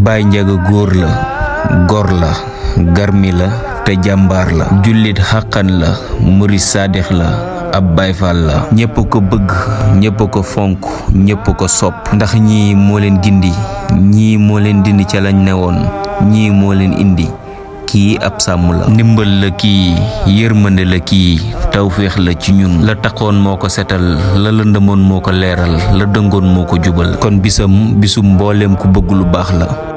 bay Njaga gorla, la gor la garmi la te jambar la julit xàqan la murid saadix la ab Baay la ñepp ko bëgg ñepp ko fonk ñepp ko sop ndax ñi mo leen gindi ñi mo leen dindi ci lañ ne ñi mo leen indi ki ab sàmm la nimbal la ki yermane la ki tawféex la ci ñun la taxoon moko setal la la dengon moko jubal kon bisam bisum mbollem ku bëgg lu bax la